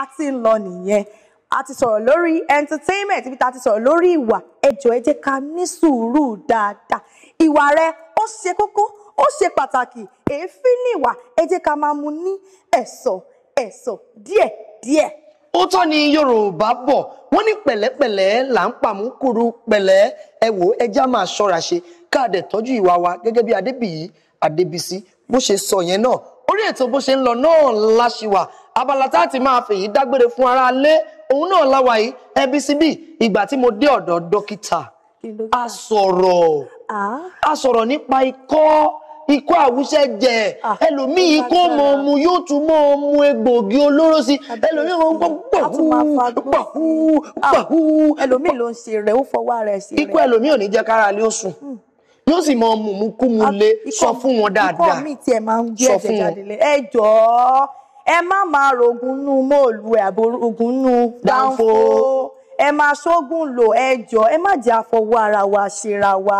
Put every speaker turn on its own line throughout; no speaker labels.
a ti ń lọ nìyẹn a ti sọ̀rọ̀ lórí entertainment ibi tá a ti sọ̀rọ̀ lórí ìwà ẹ jọ̀ọ́ ẹ jẹ́ ká ní sùúrù dáadáa ìwà rẹ ó ṣe kókó ó ṣe pàtàkì èéfín ní ìwà ẹ ká máa mu ní ẹ̀sọ̀ ẹ̀sọ̀ díẹ̀
díẹ̀. ó tọ́ ni yorùbá bọ̀ wọ́n ní pẹ̀lẹ́pẹ̀lẹ́ là ń pàmú kúrú pẹ̀lẹ́ ẹ wò ẹja máa ṣọ́ra ṣe káàdé tọ́jú ìwà wa gẹ́gẹ́ bí adébíyí adébísí bó ṣe sọ yẹn náà orí ètò bó ṣe ń lọ náà láṣìwà abala tá a ti máa fèyí dágbére fún ara lé òun náà láwa yìí ẹbí síbí ìgbà tí mo dé ọ̀dọ̀ dókítà
a sọ̀rọ̀ a
sọ̀rọ̀ nípa ikọ́ ikọ́ àwùsẹ̀jẹ̀ ah, ẹlòmíì ikọ́ mọ̀ mu yóò tún mọ̀ mu egbògi olóró sí ẹlòmíì mọ̀ gbọ́ gbàhú gbàhú gbàhú. ẹlòmíì ló ń ṣe rẹ̀ ó fọwọ́
rẹ̀ sí rẹ̀. ikọ́ ẹlòmíì
ò ní jẹ́ kára lé ó sùn hmm. yóò mu ah, lé sọ fún wọn dáadáa ikọ́ mi
tiẹ̀ máa ń gbé ẹ̀jẹ̀ jáde lé ẹ ẹ má máa rògùn nú móòlù ẹ àbòrògùn nú dáńfó ẹ máa ṣógùn lò ẹ jọ ẹ má jẹ́ àfọwọ́ ara wa ṣera wa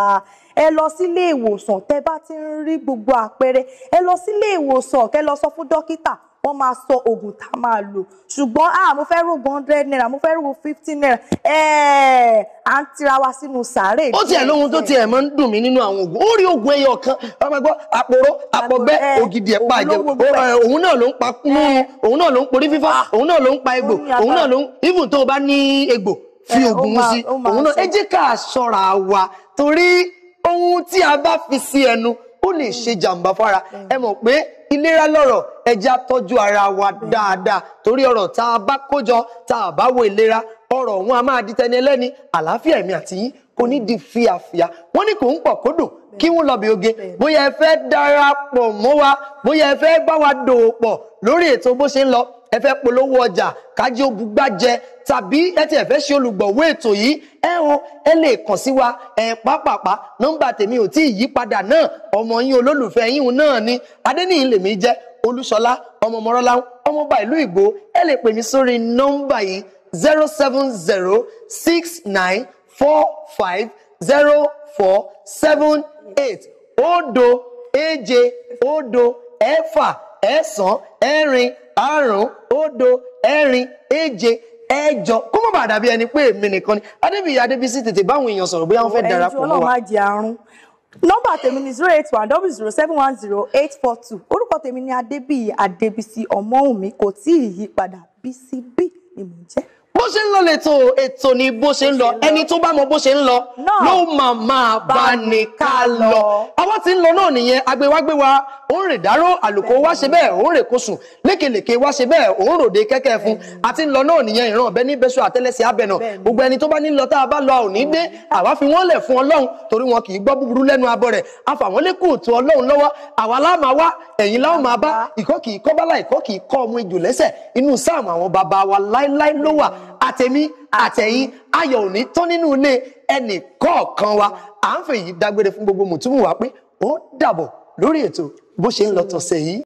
ẹ lọ sílé ìwòsàn tẹ bá ti ń rí gbogbo àpẹẹrẹ ẹ lọ sílé ìwòsàn kẹ lọ sọ fún dókítà wọ́n máa sọ oògùn tá a máa lò ṣùgbọ́n ah mo fẹ́ rògùn hundred naira mo fẹ́ rògùn fifty naira ẹ̀ẹ́ à ń tira wa sínú sàárè. ó tiẹ̀ lóhun tó tiẹ̀ máa ń dùn mí nínú àwọn oògùn ó rí oògùn ẹyọ kan ọmọ ẹgbọ́n
àpòró àpọ̀gbẹ́ ògidì ẹ̀pà jẹ òun náà ló ń pa kúnnú òun náà ló ń porí fífọ́ ah. òun náà ló ń pa egbò òun náà ló ń even tó o bá ní egbò fi oògùn sí òun náà ẹ ká ṣọ́ra wa torí ohun tí a bá fi sí ẹnu ó lè ṣe jàǹbá fára ẹ mọ̀ pé ìlera lọ́rọ̀ ẹja tọ́jú ara wa dáadáa torí ọ̀rọ̀ tá a bá kójọ tá a bá wo ìlera ọ̀rọ̀ wọn a máa di tẹni ẹlẹ́ni àlàáfíà ẹ̀mí àti yín kò ní di fíafíà wọ́n ní kò ń pọ̀ kódò kí wọ́n lọ bí oge bóyá ẹ fẹ́ darapọ̀ mọ́ wa bóyá ẹ fẹ́ bá wa dòwò pọ̀ lórí ètò bó ṣe ń lọ ẹ fẹ́ polówó ọjà kájí òbúgbàjẹ tàbí ẹ ti ẹ fẹ́ ṣe olùgbọ̀wọ́ ètò yìí ẹ hàn ẹ lè kàn sí wa ẹ pápápá nọ́mbà tèmi ò tí ì yí padà náà ọmọ yín olólùfẹ́ yín náà ni adéníyìn lèmi jẹ́ olúṣọlá ọmọ mọ́rọ́láhùn ọmọọba ìlú ìgbò ẹ lè pè mí sórí nọ́mbà yìí zero seven zero six nine four five zero four seven eight Odo èje Odo ẹ̀fà ẹ̀sán ẹ̀rin àrún Odo, ẹ̀rin èje ẹ̀jọ kó má bàa dàbí ẹni pé èmi nìkan ni adébíyí adébísí tètè
báwọn èèyàn sọ̀rọ̀ bóyá wọ́n fẹ́ darapọ̀ mọ́ wa nọ́mbà tèmi ni zero eight one double zero seven one zero eight four two orúkọ tèmi ni adébíyí adébísí ọmọwùnmí kò tí ì yí padà bísí bí ni mò ń jẹ́.
bó ṣe ń lọ lẹ́tọ̀ ètò ni bó ṣe ń lọ ẹni tó bá mọ bó ṣe ń lọ ló máa máa bá ní lọ àwọn tí ń lọ náà nìyẹn agbéwágbéwá òun rè dáró àlùkò wá ṣe bẹ́ẹ̀ òun rè kóṣù lékelèké wá ṣe bẹ́ẹ̀ òun ròde kẹ́kẹ́ fún àti ńlọ náà nìyẹn ìran ọ̀bẹ ní bẹ́sù àtẹ́lẹsẹ̀ abẹnà gbogbo ẹni tó bá ní lọ tá a bá lọ òní dé àwa fi wọ́n lẹ̀ fún ọlọ́run torí wọn kì í gbọ́ búburú lẹ́nu abọ́ rẹ̀ àfàwọn lè kóòtù ọlọ́run lọ́wọ́ àwa láàmà wá ẹ̀yìn láwọn máa bá ìkọ́ kì í kọ́ bá láì kọ́ kì í kọ́ ọmọ lórí ètò bó ṣe ń lọ tọ̀sẹ̀ yìí